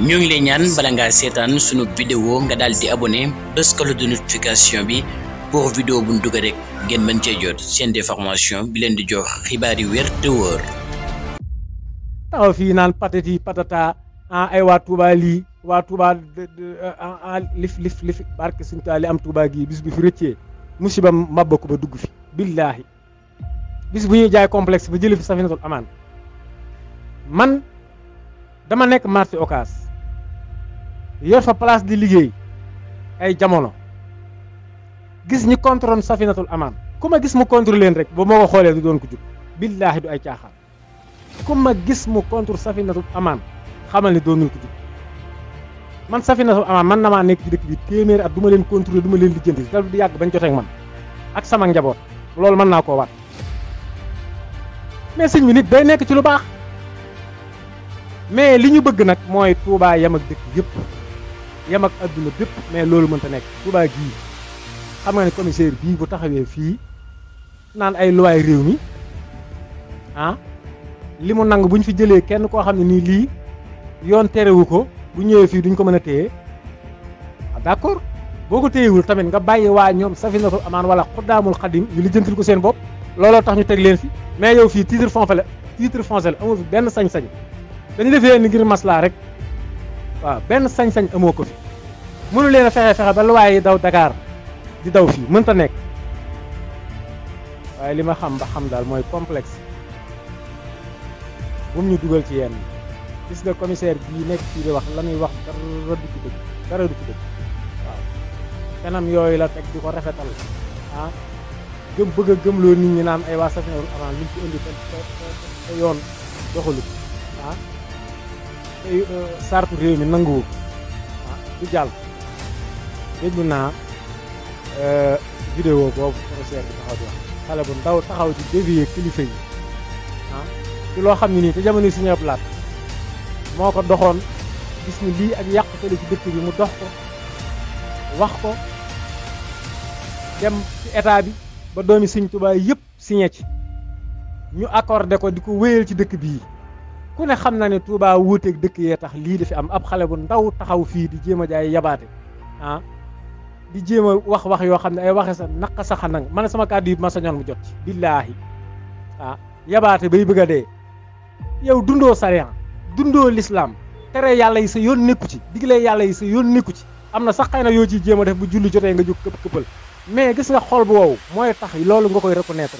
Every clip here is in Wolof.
ñu ngi lay ñaan bala nga sétane suñu vidéo nga dal di abonné bés ko de notification bi pour vidéo bu dugg rek gën mën cee jot seen déformation bi leen di jox xibaar yu wër te wër taw fi nan patati patata ah ay wa Touba li wa Touba ah, ah, ah, lif lif lif barke suñu tali am Touba gi bis bi fi rëccee musiba mabba ko ba dugg fi billahi bis bu ñu jaay complexe ba jël fi safinatul aman man dama nek marché occas yor fa place di liggéey ay jamono gis ñi contrôle safinatul amaan ku ma gis mu contrôle leen rek ba moo ko xoolee du doon ko jub billaahi du ay caaxaan ku ma gis mu contrôle safinatul amaan xamal ne doonul ko jub man safinatul amaan man na maa nekk ci dëkk bi téeméeri at du ma leen contrôler du ma leen lijjanti dal di yàgg bañ jotee ak man ak sama njaboot loolu mën naa koo waat mais sëñ bi nit day nekk ci lu baax mais li ñu bëgg nag mooy Touba yam ak dëkk yëpp yem ak adduna bépp mais loolu mënta nekk Touba gii xam nga ne commissaire bii bu taxawee fii naan ay luwaay réew mi ah li mu nang bu ñu fi jëlee kenn koo xam ne nii lii yoon terewu ko bu ñëwee fii duñ ko mën a téye ah boo ko téyewul tamit nga bàyyi waa ñoom safinatul amaan wala xuddaamul xadim ñu lijjantil ko seen bopp looloo tax ñu teg leen fi mais yow fii titre foncé la titre foncé la amu fi benn sañ-sañ dañu defee ni ngir maslaa rek waaw benn sañ-sañ amoo ko fi mënu leen a fexe fexe ba luwaay yi daw dakaar di daw fii mënta nekk waaye li ma xam ba xam daal mooy complexe bu ñu dugal ci yenn gis nga commissaire bii nekk fii di wax la muy wax dara du ci dëgg dara du ci dëgg waaw kanam yooyu la teg di ko rafetal ah gëm bëgg a gëmloo nit ñi naan ay waa safinaru avant luñ ci indi te yoon doxalu ah Euh, sartu réew mi nanguwu ah, du jàll déglu naa euh, vidéo boobu professeur bi taxaw di wax xale bu ndaw taxaw di dévier kilifa yi ah ci loo xam ne nii te jamono suñu laat moo ko doxoon gis ni lii ak yàqu tële ci dëkk bi mu dox ko wax ko dem ci état bi ba doomi siñ Tuubaa yëpp signé ci ñu accordé ko di ko wéyal ci dëkk bii ku ne xam na ne Touba wuuteeg dëkk yee tax lii di fi am ab xale bu ndaw taxaw fii di jéema jaay yabaate ah di jéem a wax wax yoo xam ne ay waxe sa naqa sa xanang man sama kàddu ma sa sañoon mu jot ci billaahi ah yabaate bay bëgg a dee yow dundoo sariyaan dundoo lislaam tere yàlla yi sa yoon nekku ci digle yàlla yi sa yoon nekku ci am na sax xëy na yoo ciy jéem a def bu julli jotee nga jóg këpp këppal mais gis nga xol bu wow mooy tax loolu nga koy reconnaître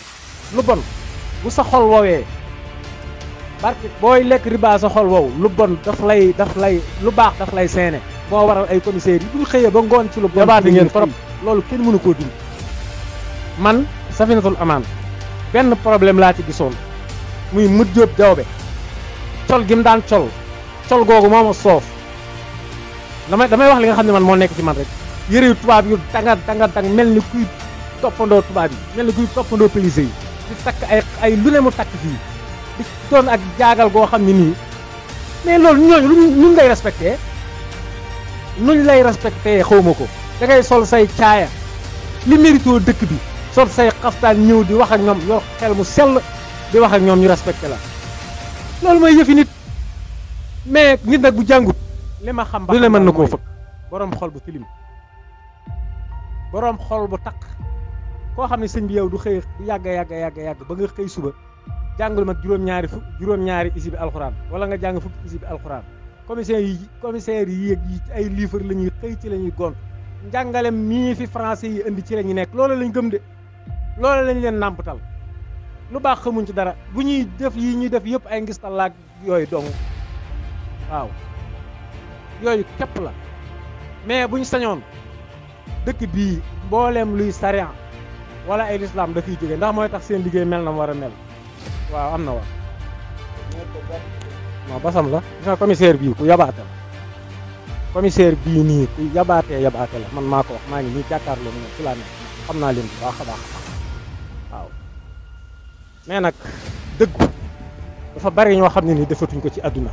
barke booy lekk baa sa xol wow lu bon daf lay daf lay lu baax daf lay seene moo waral ay commissaires yi duñ xëyee ba ngoon ci lu bon yabaate ngeen trop loolu kenn mënu koo dund man safinatul amaan benn problème laa ci gisoon muy mët jóob jawbe col gi mu daan col col googu moo ma soof damay damay wax li nga xam ne man moo nekk ci man rek yëre tubaab yu danga danga dang mel ni kuy toppandoo tubaab yi mel ni kuy toppandoo police yi di takk ay ay lu ne mu takk fii di doon ak jaagal goo xam ne nii mais loolu ñooñu luñ lay respecté luñ lay respecté xaw ma ko da sol say caaya li mérito dëkk bi sol say xaftaan ñëw di wax ak ñoom yor xel mu sell di wax ak ñoom ñu respecté la loolu mooy yëfi nit mais nit nag bu jàngut li ma xam ba lu ne mën na koo fëkk boroom xol bu tilim boroom xol bu takk koo xam ne sëñ bi yow du xëy yàgga yàgga yàgga yàgg ba nga xëy suba jangul mak juróom-ñaari fukk juróom-ñaari isib alquran wala nga jang fuk isib alquran commissaire yi commissaire yi ak yi ay livre lañuy xey ci lañuy gon gont mi fi français yi indi ci lañuy nek nekk loolu lañ gëm de loolu lañu len nampal lu baax xamuñ ci dara buñuy def yi ñuy def yëpp ay ngistal talaak yoy dong waaw yoy kep la mais buñ sañon dëkk bi mbooleem luy sarian wala ay islam da fi jóge ndax moy tax seen liggéey mel na war mel waaw am na wa non basam la gis nga commissaire bii ku yabaate la commissaire bii nii ku yabaatee yabaate la man maa ko wax maa ngi nii jàkkaarloo mu ci laa ne xam naa leen bu baax a baax waaw mais nag dëggu dafa bari ñoo xam ne ni defatuñ ko ci àdduna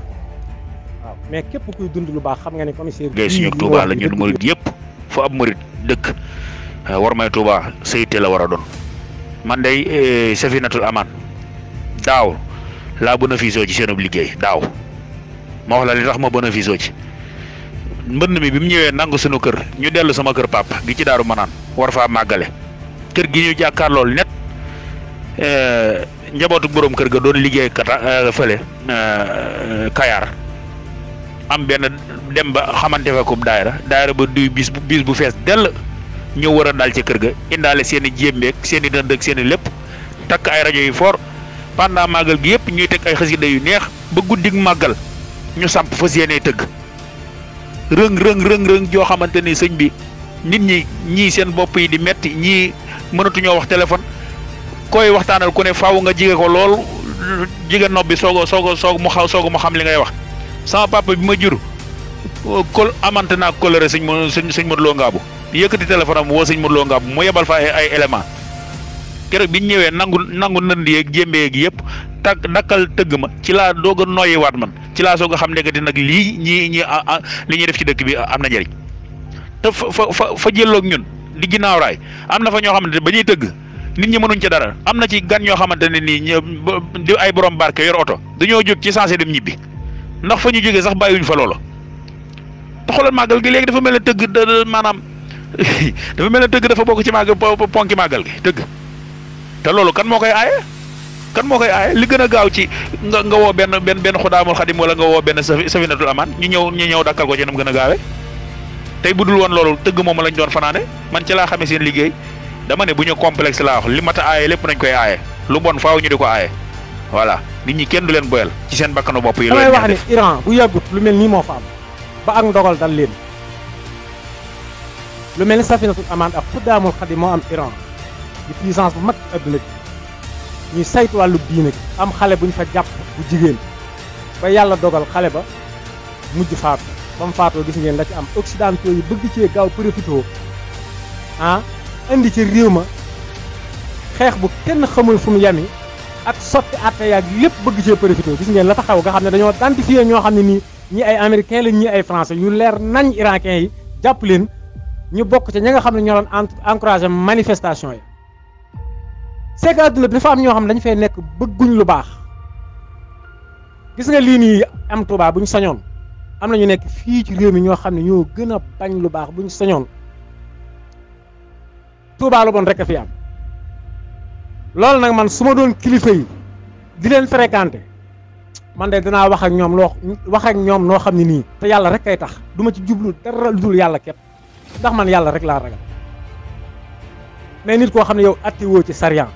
waaw mais képp kuy dund lu baax xam nga ne commissaire bii suñu Touba la ñun murit yëpp foo ab murit dëkk eh, war may Touba sayte la war a doon man dey eh, safinatul amaan daaw labu bénéficié ci seenub liggéey daw ma wax la li tax ma bénéficié ci mbënd mi bi mu ñëwee nangu kër ñu déllu sama kër pap gi ci daaru Warfa war fa magalé kër gi ñu jaakar lool net eh, njabotu borom kër ga doon liggéey kata euh eh, eh, kayar am ben dem ba xamanté fa ko daaira daaira ba duy bis bis bu fess del ñu wara dal ci kër ga indalé seen dendek, seen i dënd ak seen lepp tak ay radio yi fort panda magal gi yep ñuy tek ay xeside yu neex ba guddig magal ñu samp fasiyene teug reng reng reng reng jo xamanteni señ bi nit ñi ñi seen bop yi di metti mënatu ñoo wax téléphone koy waxtaanal ku ne faaw nga jige ko lool jige nobbi sogo sogo sogo mu xaw sogo mu xam li ngay wax sama papa bi ma jur kol amante naa coloré señ señ sëñ mo Lo Ngabou yëkkati téléphone am wo sëñ mo Lo Ngabou mu yebal fa ay élément keroog bi ñu ñëwee nangu nangu nënd yeeg jémbee gi yëpp tag dakkal tëgg ma ci laa doog a noyyiwaat man ci laa soog a xam ne que nag lii ñii ñii li ñuy def ci dëkk bi am na njëriñ te fa fa fa jëlloog ñun di ginnaaw raay am na fa ñoo xamante ne ba ñuy tëgg nit ñi mënuñ ca dara am na ci gan ñoo xamante ne nii di ay borom barke yor oto dañoo jóg ci sensé dem ñibbi ndax fa ñu jógee sax bàyyiwuñ fa loola te xoolal màggal gi léegi dafa mel ne tëgg maanaam dafa mel ne tëgg dafa bokk ci màggal ponki màggal gi te loolu kan moo koy aaye kan moo koy aaye li gën a gaaw ci nga nga woo benn benn benn xudaamul xadim wala nga woo benn safinatul aman ñu ñëw ñu ñëw dakkal ko ci nam gën a gaawee tey bu dul woon loolu tëgg moom lañ doon fanaane man ci laa xamee seen liggéey dama ne bu ñu complexe laa wax li mata aaye nañ koy aaye lu bon faaw ñu di ko aaye voilà nit ñi kenn du leen boyal ci seen bakkanu bopp yi. looy wax ne Iran bu yàggut lu mel nii moo fa am ba ak ndogal dal leen lu mel ni safinatul aman ak xadim moo am Iran di puissance bu mag ci adduna bi ñuy sayt wàllu diine gi am xale bu ñu fa jàpp bu jigéen ba yàlla dogal xale ba mujj faatu ba mu faatoo gis ngeen la ci am occidentaux yi bëgg cee gaaw profité ah indi ci réew ma xeex bu kenn xamul fu mu yemi ak sotti atte yaag lépp bëgg cee profité gis ngeen la fa xew nga xam ne dañoo identifié ñoo xam ne nii ñi ay américain lañ ñi ay français yu leer nañ irakien yi jàpp leen ñu bokk ca ña nga xam ne ñoo doon encouragé manifestation yi c'est que àdduna bi dafa am ñoo xam dañ fay nek bëgguñ lu baax gis nga li ni am Touba buñ sañoon am nañu nek fi ci réew mi ñoo xam ni ñoo gëna bañ lu baax buñ sañoon Touba lu bon rek fi am nak man suma doon kilifa yi di len fréquenté man de dina wax ak ñom lo wax ak ñom no xamni ni te yalla rek kay tax duma ci jublu dara dul yalla kep ndax man yalla rek la ragal mais nit ko xamni yow atti wo ci sariyan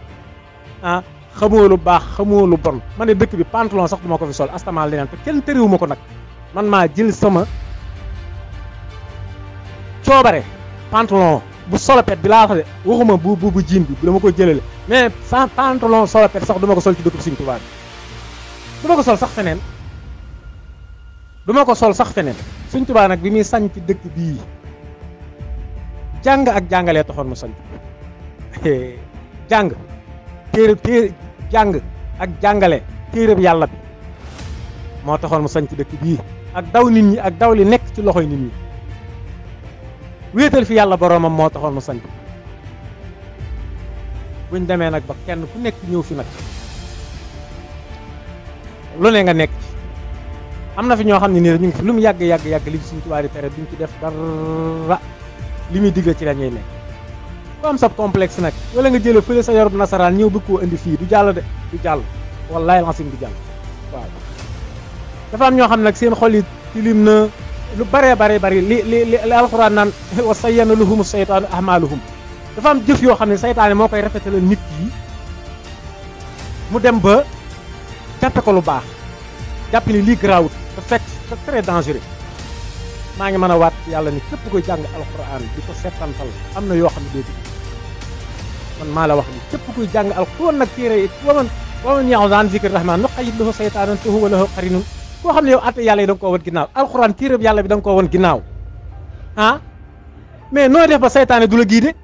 ah xamoo lu baax xamoo lu bon ma ne dëkk bi pantalon sax duma ko fi sol astamaa leneen te kenn tëriwu ma ko nag man maa jël sama coobare pantalon bu solopet bi laa waxee waxuma bu bu bu jiin bi bu dama ko jëlale mais sans pantalon solopet sax duma ko sol ci dëkk bi Sëñ Tuubaa bi duma ko sol sax feneen duma ko sol sax feneen Sëñ Tuubaa nag bi muy sañ ci dëkk bii jàng ak jàngalee taxoon mu sañ jàng téere téere jàng ak jàngale téereb yàlla bi moo taxoon mu ci dëkk bii ak daw nit ñi ak daw li nekk ci loxoy nit ñi wéetal fi yàlla boroomam moo taxoon mu sanc buñ demee nag ba kenn ku nekk ñëw fi nag lu ne nga nekk ci am na fi ñoo xam ne nii ñu ngi fi lu mu yàgg yàgg yàgg li Sëñ Tuubaa di tere duñ ci def dara li muy digle ci la ñuy ku am sab complexe nak wala nga jël feulé sa yorub nasaraan ñëw bëkk ko indi fi du jall de du jall wallahi lancim du jall waaw dafa am ño xam nak seen xol yi tilim na lu bare bare bare li li li alquran nan wa sayyana lahum shaytanu ahmaluhum dafa am jëf yo xam shaytan mo koy rafetale nit yi mu dem ba jàppe ko lu baax jàpp ni lii garaawut te fekk c'est très dangereux ma ngi mëna wat yalla ni képp koy jang alquran diko ko amna yo na yoo xam man maa la wax li képp kuy jàng alxuraan nag téere waman waman ya'uuzu an zikri rahmaan nuqayyid lahu saytaanan fa huwa lahu qariinun koo xam ne yow atte yàlla yi da nga koo won ginnaaw alxuraan téere bi yàlla bi da nga koo won ginnaaw ah mais nooy def ba saytaane du la guidé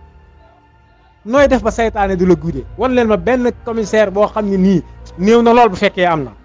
nooy def ba seytaane du la guidé wan leen ma benn commissaire boo xam ne nii néew na lool bu fekkee am na